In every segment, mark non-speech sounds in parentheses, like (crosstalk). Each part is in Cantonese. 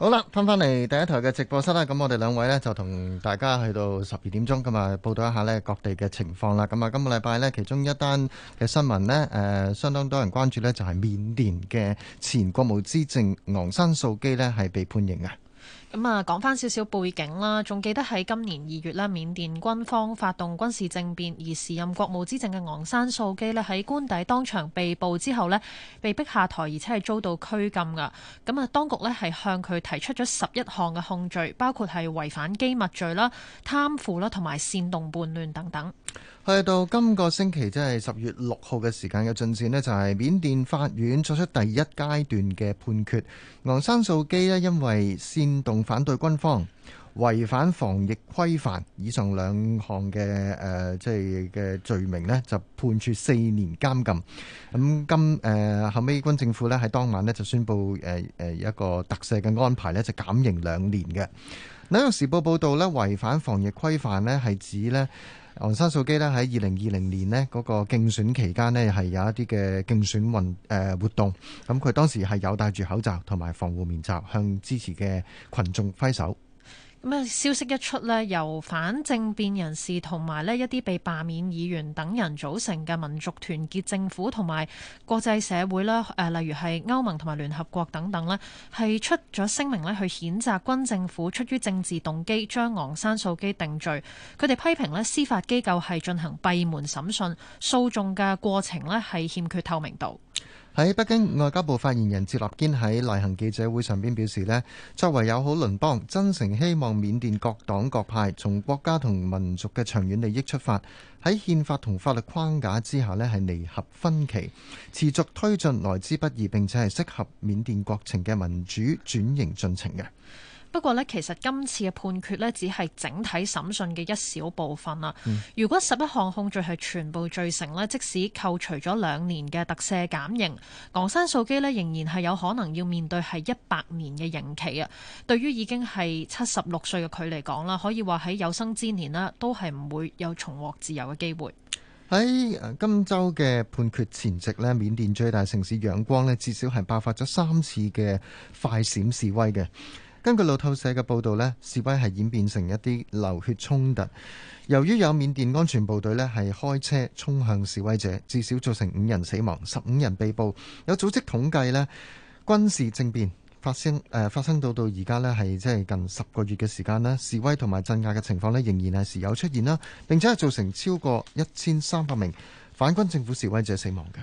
好啦，返返嚟第一台嘅直播室啦。咁我哋兩位呢，就同大家去到十二點鐘咁啊，報道一下呢，各地嘅情況啦。咁啊，今個禮拜呢，其中一單嘅新聞呢，誒、呃，相當多人關注呢，就係、是、緬甸嘅前國務資政昂山素姬呢係被判刑嘅。咁啊，講翻少少背景啦，仲記得喺今年二月啦，緬甸軍方發動軍事政變，而時任國務資政嘅昂山素姬咧喺官邸當場被捕之後咧，被逼下台，而且係遭到拘禁噶。咁啊，當局咧係向佢提出咗十一項嘅控罪，包括係違反機密罪啦、貪腐啦同埋煽動叛亂等等。去到今個星期，即係十月六號嘅時間嘅進展咧，就係、是、緬甸法院作出第一階段嘅判決，昂山素姬咧因為煽動。反對軍方、違反防疫規範以上兩項嘅誒，即係嘅罪名呢就判處四年監禁。咁今誒後尾軍政府咧喺當晚呢就宣布誒誒一個特赦嘅安排呢就減刑兩年嘅。紐約時報報道呢違反防疫規範呢係指呢。昂山素姬喺二零二零年咧，嗰個競選期間咧，係有一啲嘅競選運誒活動，咁佢當時係有戴住口罩同埋防護面罩向支持嘅群眾揮手。咁消息一出咧，由反政變人士同埋一啲被罷免議員等人組成嘅民族團結政府，同埋國際社會誒，例如係歐盟同埋聯合國等等咧，係出咗聲明去譴責軍政府出於政治動機將昂山素姬定罪。佢哋批評咧司法機構係進行閉門審訊，訴訟嘅過程咧係欠缺透明度。喺北京外交部發言人趙立堅喺例行記者會上邊表示呢，作為友好鄰邦，真誠希望緬甸各黨各派從國家同民族嘅長遠利益出發，喺憲法同法律框架之下呢，係彌合分歧，持續推進來之不易並且係適合緬甸國情嘅民主轉型進程嘅。不過呢，其實今次嘅判決呢，只係整體審訊嘅一小部分啦。如果十一項控罪係全部罪成呢，即使扣除咗兩年嘅特赦減刑，昂山素基呢，仍然係有可能要面對係一百年嘅刑期啊。對於已經係七十六歲嘅佢嚟講啦，可以話喺有生之年啦，都係唔會有重獲自由嘅機會。喺今週嘅判決前夕呢，緬甸最大城市仰光呢，至少係爆發咗三次嘅快閃示威嘅。根據路透社嘅報道咧，示威係演變成一啲流血衝突。由於有緬甸安全部隊咧係開車衝向示威者，至少造成五人死亡、十五人被捕。有組織統計咧，軍事政變發生誒、呃、發生到到而家咧係即係近十個月嘅時間啦，示威同埋鎮壓嘅情況咧仍然係時有出現啦，並且係造成超過一千三百名反軍政府示威者死亡嘅。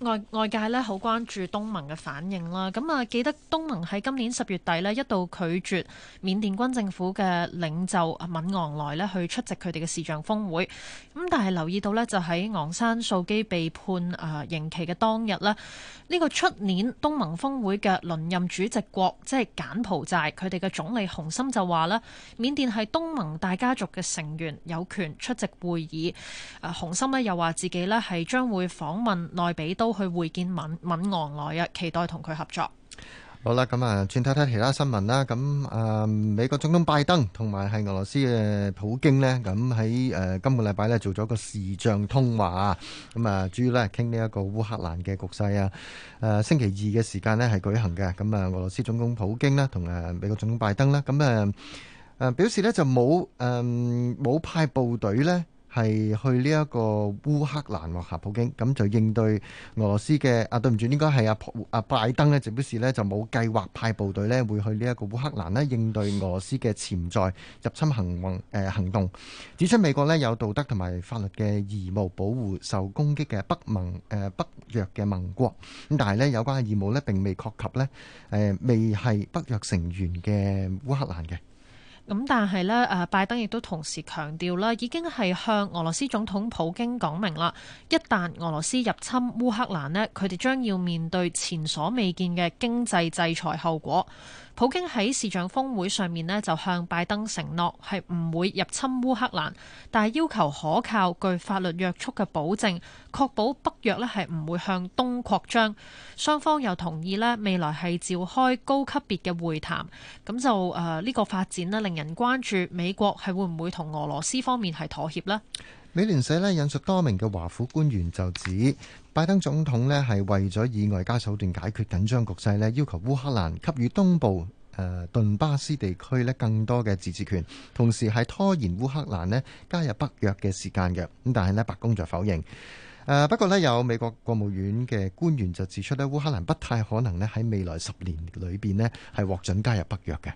外外界咧好關注東盟嘅反應啦，咁啊記得東盟喺今年十月底咧一度拒絕緬甸軍政府嘅領袖阿敏昂萊咧去出席佢哋嘅視像峰會，咁但係留意到咧就喺昂山素姬被判啊刑期嘅當日咧，呢個出年東盟峰會嘅輪任主席國即係柬埔寨佢哋嘅總理洪森就話咧緬甸係東盟大家族嘅成員，有權出席會議。啊洪森咧又話自己咧係將會訪問內比都。都去會見敏敏昂萊啊，期待同佢合作。好啦，咁啊，轉睇睇其他新聞啦。咁啊，美國總統拜登同埋係俄羅斯嘅普京咧，咁喺誒今個禮拜咧做咗個視像通話。咁啊，主要咧係傾呢一個烏克蘭嘅局勢啊。誒，星期二嘅時間咧係舉行嘅。咁啊，俄羅斯總統普京啦，同誒美國總統拜登啦，咁誒誒表示咧就冇誒冇派部隊咧。係去呢一個烏克蘭嚇普京，咁就應對俄羅斯嘅啊，對唔住，應該係阿阿拜登咧，直表示咧就冇計劃派部隊咧會去呢一個烏克蘭咧應對俄羅斯嘅潛在入侵行誒行動，指出美國咧有道德同埋法律嘅義務保護受攻擊嘅北盟誒北約嘅盟國，咁但係咧有關嘅義務咧並未確及咧誒未係北約成員嘅烏克蘭嘅。咁但係咧，誒拜登亦都同時強調啦，已經係向俄羅斯總統普京講明啦，一旦俄羅斯入侵烏克蘭呢，佢哋將要面對前所未見嘅經濟制裁後果。普京喺視像峰會上面呢，就向拜登承諾係唔會入侵烏克蘭，但係要求可靠、具法律約束嘅保證，確保北約呢係唔會向東擴張。雙方又同意呢未來係召開高級別嘅會談。咁就誒呢、呃呢個發展咧，令人關注，美國係會唔會同俄羅斯方面係妥協呢？美聯社咧引述多名嘅華府官員就指，拜登總統咧係為咗以外交手段解決緊張局勢咧，要求烏克蘭給予東部誒頓巴斯地區咧更多嘅自治權，同時係拖延烏克蘭咧加入北約嘅時間嘅。咁但係呢，白宮就否認。誒不過呢，有美國國務院嘅官員就指出呢，烏克蘭不太可能咧喺未來十年裏邊咧係獲准加入北約嘅。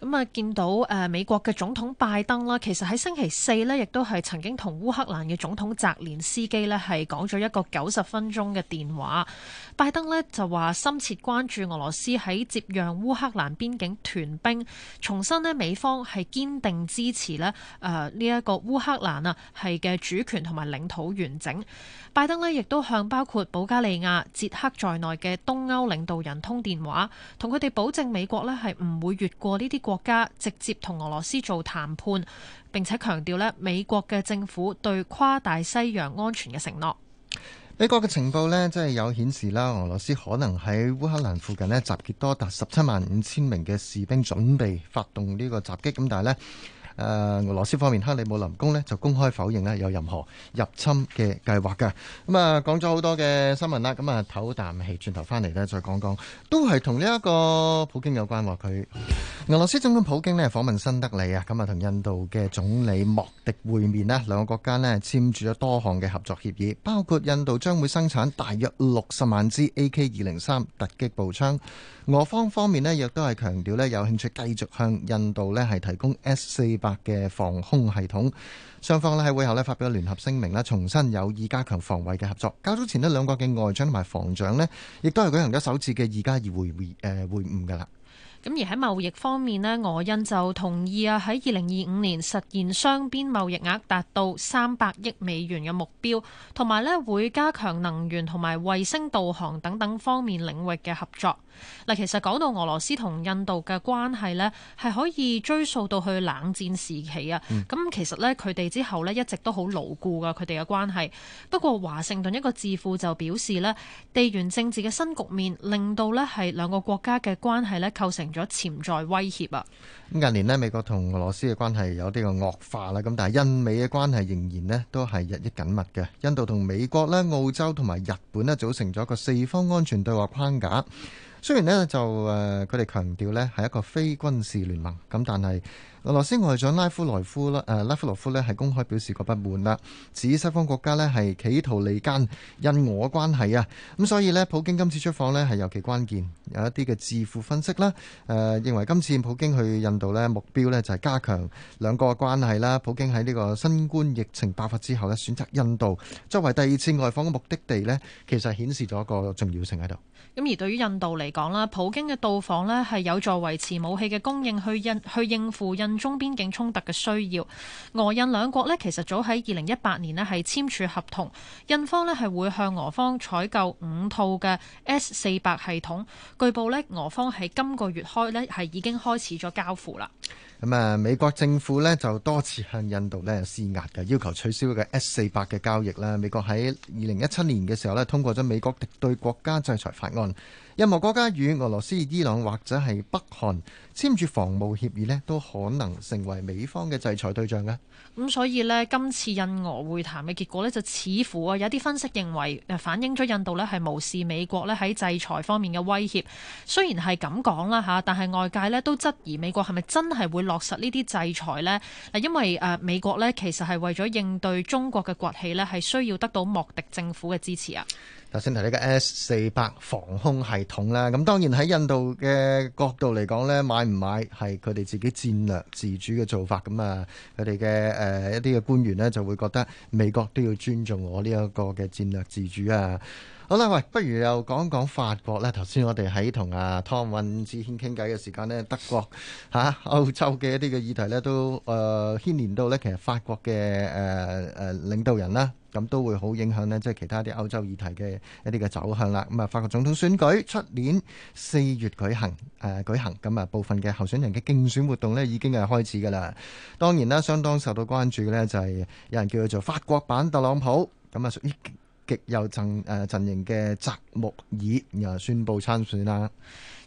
咁、嗯、啊，見到誒、呃、美國嘅總統拜登啦,其實喺星期四咧，亦都係曾經同烏克蘭嘅總統澤連斯基咧係講咗一個九十分鐘嘅電話。拜登咧就話深切關注俄羅斯喺接壤烏克蘭邊境屯兵，重申咧美方係堅定支持咧誒呢一個烏克蘭啊係嘅主權同埋領土完整。拜登咧亦都向包括保加利亞捷克在內嘅東歐領導人通電話，同佢哋保證美國咧係唔會越過呢啲國家直接同俄羅斯做談判，並且強調咧美國嘅政府對跨大西洋安全嘅承諾。美國嘅情報呢，即係有顯示啦，俄羅斯可能喺烏克蘭附近呢，集結多達十七萬五千名嘅士兵，準備發動呢個襲擊。咁但係呢。誒、呃，俄羅斯方面，克里姆林宮咧就公開否認咧有任何入侵嘅計劃嘅。咁、嗯、啊，講咗好多嘅新聞啦，咁、嗯、啊，唞啖氣，轉頭翻嚟咧再講講，都係同呢一個普京有關喎、啊。佢俄羅斯總統普京咧訪問新德里啊，咁啊同印度嘅總理莫迪會面咧，兩個國家咧簽署咗多項嘅合作協議，包括印度將會生產大約六十萬支 AK 二零三突擊步槍。俄方方面咧亦都係強調咧有興趣繼續向印度咧係提供 S 四嘅防空系統，雙方咧喺會後咧發表聯合聲明啦，重新有意加強防衛嘅合作。較早前咧，兩國嘅外長同埋防長咧，亦都係舉行咗首次嘅二加二會會誒、呃、會晤噶啦。咁而喺貿易方面咧，俄印就同意啊喺二零二五年實現雙邊貿易額達到三百億美元嘅目標，同埋咧會加強能源同埋衛星導航等等方面領域嘅合作。嗱，其實講到俄羅斯同印度嘅關係呢係可以追溯到去冷戰時期啊。咁、嗯、其實呢，佢哋之後呢一直都好牢固噶，佢哋嘅關係。不過華盛頓一個智庫就表示呢，地緣政治嘅新局面令到呢係兩個國家嘅關係呢構成咗潛在威脅啊。咁近年呢，美國同俄羅斯嘅關係有啲個惡化啦。咁但係印美嘅關係仍然呢都係日益緊密嘅。印度同美國呢，澳洲同埋日本呢，組成咗一個四方安全對話框架。雖然咧就誒，佢哋強調咧係一個非軍事聯盟，咁但係。俄羅斯外長拉夫萊夫咧，誒拉夫羅夫咧係公開表示過不滿啦，指西方國家咧係企圖離間印俄關係啊！咁所以咧，普京今次出訪咧係尤其關鍵，有一啲嘅智庫分析啦，誒、呃、認為今次普京去印度咧，目標咧就係加強兩個關係啦。普京喺呢個新冠疫情爆發之後咧，選擇印度作為第二次外訪嘅目的地咧，其實顯示咗一個重要性喺度。咁而對於印度嚟講啦，普京嘅到訪咧係有助維持武器嘅供應去印去應付印。中邊境衝突嘅需要，俄印兩國咧其實早喺二零一八年咧係簽署合同，印方咧係會向俄方採購五套嘅 S 四百系統，據報咧俄方喺今個月開咧係已經開始咗交付啦。咁啊，美國政府咧就多次向印度咧施壓嘅，要求取消嘅 S 四百嘅交易啦。美國喺二零一七年嘅時候咧通過咗美國敵對國家制裁法案。任何國家與俄羅斯、伊朗或者係北韓簽署防務協議咧，都可能成為美方嘅制裁對象嘅，嗯。咁所以呢，今次印俄會談嘅結果呢，就似乎啊有啲分析認為，反映咗印度咧係無視美國咧喺制裁方面嘅威脅。雖然係咁講啦嚇，但係外界咧都質疑美國係咪真係會落實呢啲制裁呢？嗱，因為誒、呃、美國咧其實係為咗應對中國嘅崛起咧，係需要得到莫迪政府嘅支持啊。頭先提呢個 S 四百防空系統啦。咁當然喺印度嘅角度嚟講咧，買唔買係佢哋自己戰略自主嘅做法。咁啊，佢哋嘅誒一啲嘅官員咧就會覺得美國都要尊重我呢一個嘅戰略自主啊。好啦，喂，不如又講講法國呢。頭先我哋喺同阿湯韻志軒傾偈嘅時間呢，德國嚇、啊、歐洲嘅一啲嘅議題呢，都誒、呃、牽連到呢。其實法國嘅誒誒領導人啦，咁都會好影響呢，即係其他啲歐洲議題嘅一啲嘅走向啦。咁啊，法國總統選舉出年四月舉行誒、啊、舉行，咁啊部分嘅候選人嘅競選活動呢已經係開始噶啦。當然啦，相當受到關注嘅呢，就係有人叫佢做法國版特朗普，咁啊屬於極有陣誒陣型嘅澤木爾啊，宣佈參選啦！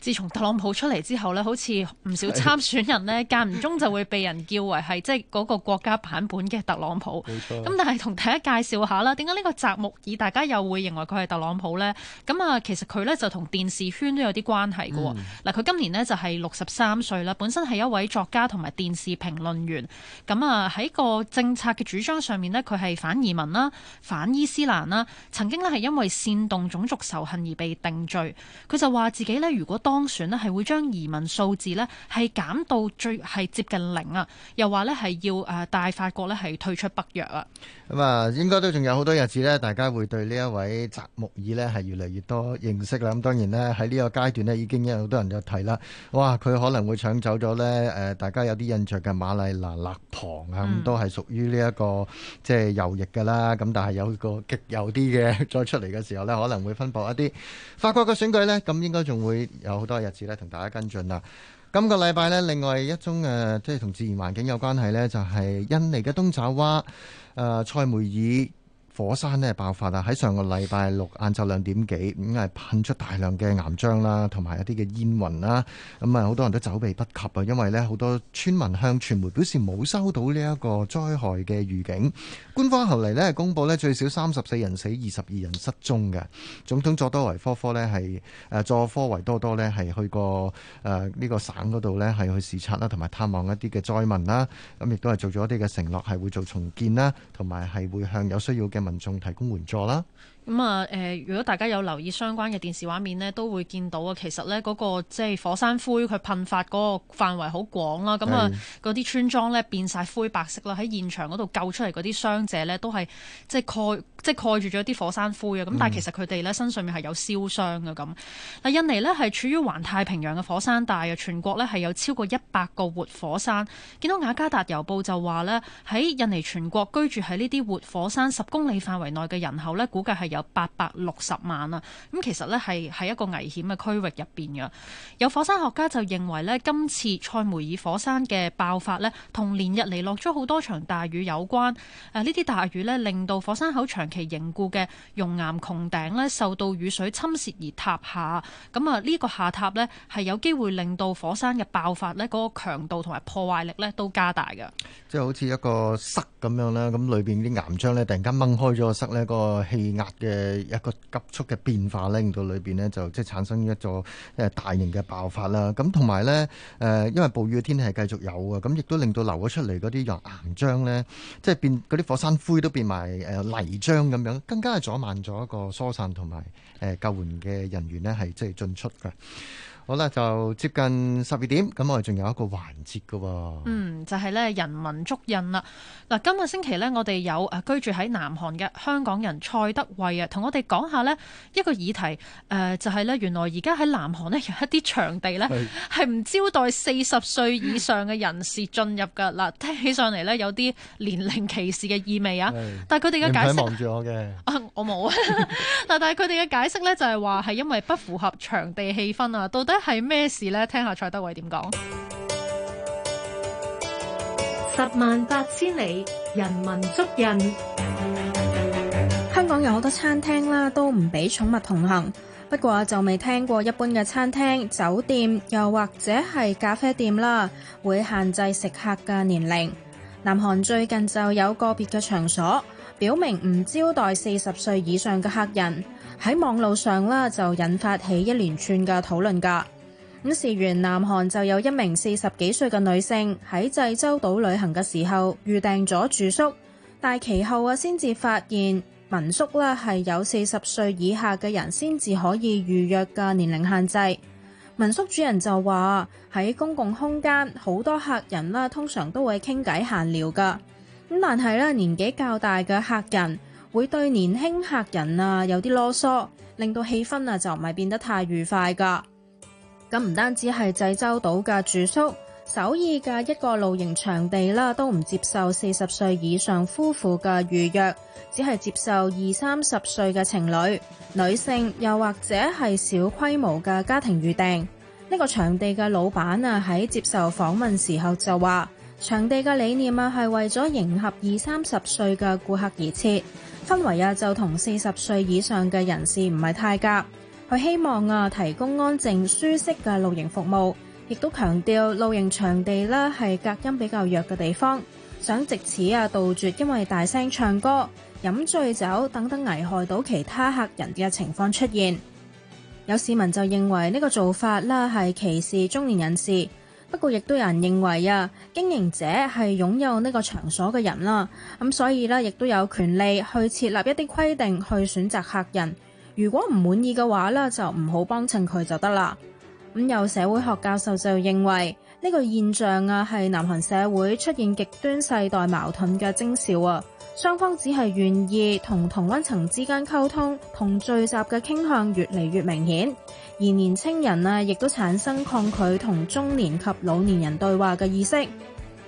自從特朗普出嚟之後咧，好似唔少參選人咧，間唔中就會被人叫為係即係嗰個國家版本嘅特朗普。冇錯。咁但係同大家介紹下啦，點解呢個澤木爾大家又會認為佢係特朗普呢？咁啊，其實佢呢就同電視圈都有啲關係㗎喎。嗱、嗯，佢今年呢就係六十三歲啦，本身係一位作家同埋電視評論員。咁啊，喺個政策嘅主張上面呢，佢係反移民啦、反伊斯蘭啦。曾經咧，係因為煽動種族仇恨而被定罪，佢就話自己如果當選咧，係會將移民數字咧，係減到最係接近零啊，又話咧，係要誒，帶法國係退出北約啊。咁啊，應該都仲有好多日子大家會對呢一位澤穆爾咧，係越嚟越多認識啦。咁當然呢，喺呢個階段已經有好多人有提啦，哇，佢可能會搶走咗，誒，大家有啲印象嘅馬麗娜勒龐啊，咁都係屬於呢一個即係右翼噶啦。咁但係有個極右啲嘅再出嚟嘅時候呢，可能會分佈一啲法國嘅選舉呢。咁應該仲會有好多日子呢，同大家跟進啦。今個禮拜呢，另外一宗，誒、呃，即係同自然環境有關係呢，就係、是、印尼嘅東爪哇誒塞梅爾。火山呢，爆發啦，喺上個禮拜六晏晝兩點幾咁，係噴出大量嘅岩漿啦，同埋一啲嘅煙雲啦。咁啊好多人都走避不及啊，因為呢，好多村民向傳媒表示冇收到呢一個災害嘅預警。官方後嚟呢，公佈呢，最少三十四人死，二十二人失蹤嘅。總統佐多維科科呢係誒佐科維多多呢係去過誒呢個省嗰度呢，係去視察啦，同埋探望一啲嘅災民啦。咁亦都係做咗一啲嘅承諾，係會做重建啦，同埋係會向有需要嘅。民眾提供援助啦。咁、嗯、啊，誒、呃，如果大家有留意相關嘅電視畫面咧，都會見到啊。其實咧，嗰、那個即係火山灰佢噴發嗰個範圍好廣啦。咁啊，嗰啲村莊咧變晒灰白色啦。喺現場嗰度救出嚟嗰啲傷者咧，都係即係蓋即係蓋住咗啲火山灰啊。咁、嗯、但係其實佢哋咧身上面係有燒傷嘅，咁。嗱，印尼咧係處於環太平洋嘅火山帶啊，全國咧係有超過一百個活火山。見到雅加達郵報就話咧，喺印尼全國居住喺呢啲活火山十公里範圍內嘅人口咧，估計係。有八百六十萬啊！咁其實呢，係喺一個危險嘅區域入邊嘅。有火山學家就認為呢，今次塞梅爾火山嘅爆發呢，同連日嚟落咗好多場大雨有關。誒，呢啲大雨呢，令到火山口長期凝固嘅熔岩穹頂咧，受到雨水侵蝕而塌下。咁啊，呢個下塌呢，係有機會令到火山嘅爆發呢嗰個強度同埋破壞力呢都加大嘅。即係好似一個塞咁樣啦，咁裏邊啲岩漿呢，突然間掹開咗個塞呢個氣壓嘅一個急速嘅變化，令到裏面呢，就即係產生一座誒大型嘅爆發啦。咁同埋呢，因為暴雨嘅天氣係繼續有啊，咁亦都令到流咗出嚟嗰啲熔岩漿呢，即係變嗰啲火山灰都變埋誒泥漿咁樣，更加係阻慢咗一個疏散同埋救援嘅人員呢係即係進出嘅。好啦，就接近十二點，咁我哋仲有一個環節㗎喎，哦。嗯，就係、是、咧人文足印啦。嗱，今個星期呢，我哋有居住喺南韓嘅香港人蔡德蕙啊，同我哋講下呢一個議題。誒、呃，就係、是、呢原來而家喺南韓呢，有一啲場地呢係唔招待四十歲以上嘅人士進入㗎。嗱，聽起上嚟呢，有啲年齡歧視嘅意味啊。但係佢哋嘅解釋，望住我嘅、啊。我冇。嗱， (laughs) 但係佢哋嘅解釋呢，就係話係因為不符合場地氣氛啊，到底，係咩事呢？聽下蔡德蕙點講。十萬八千里，人文足印。香港有好多餐廳啦，都唔俾寵物同行。不過就未聽過一般嘅餐廳、酒店，又或者係咖啡店啦，會限制食客嘅年齡。南韓最近就有個別嘅場所。表明唔招待四十歲以上嘅客人，喺網路上啦就引發起一連串嘅討論㗎。咁事源南韓就有一名四十幾歲嘅女性喺濟州島旅行嘅時候預訂咗住宿，但其後啊先至發現民宿啦係有四十歲以下嘅人先至可以預約嘅年齡限制。民宿主人就話喺公共空間好多客人啦，通常都會傾偈閒聊㗎。咁但係咧，年紀較大嘅客人會對年輕客人啊有啲囉嗦，令到氣氛啊就唔係變得太愉快㗎。咁唔單止係濟州島嘅住宿，首爾嘅一個露營場地啦，都唔接受四十歲以上夫婦嘅預約，只係接受二三十歲嘅情侶、女性又或者係小規模嘅家庭預訂。呢、這個場地嘅老闆啊喺接受訪問時候就話。場地嘅理念啊，係為咗迎合二三十歲嘅顧客而設，氛圍啊就同四十歲以上嘅人士唔係太夾。佢希望啊，提供安靜舒適嘅露營服務，亦都強調露營場地啦係隔音比較弱嘅地方，想藉此啊，杜絕因為大聲唱歌、飲醉酒等等危害到其他客人嘅情況出現。有市民就認為呢個做法啦係歧視中年人士。不過，亦都有人認為啊，經營者係擁有呢個場所嘅人啦，咁所以咧，亦都有權利去設立一啲規定，去選擇客人。如果唔滿意嘅話咧，就唔好幫襯佢就得啦。咁有社會學教授就認為。呢、這個現象啊，係南韓社會出現極端世代矛盾嘅徵兆啊。雙方只係願意同同溫層之間溝通，同聚集嘅傾向越嚟越明顯，而年青人啊，亦都產生抗拒同中年及老年人對話嘅意識。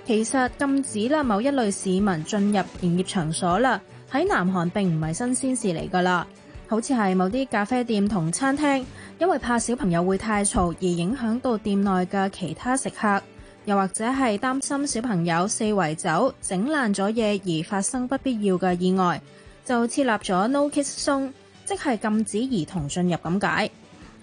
其實禁止啦，某一類市民進入營業場所啦，喺南韓並唔係新鮮事嚟㗎啦。好似係某啲咖啡店同餐廳，因為怕小朋友會太嘈而影響到店內嘅其他食客，又或者係擔心小朋友四圍走整爛咗嘢而發生不必要嘅意外，就設立咗 No Kids Zone，即係禁止兒童進入咁解。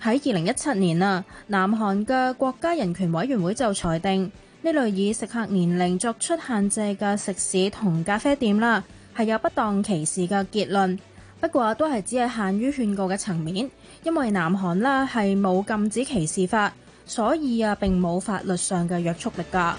喺二零一七年啊，南韓嘅國家人權委員會就裁定呢類以食客年齡作出限制嘅食肆同咖啡店啦，係有不當歧視嘅結論。不過都係只係限於勸告嘅層面，因為南韓啦係冇禁止歧視法，所以啊並冇法律上嘅約束力噶。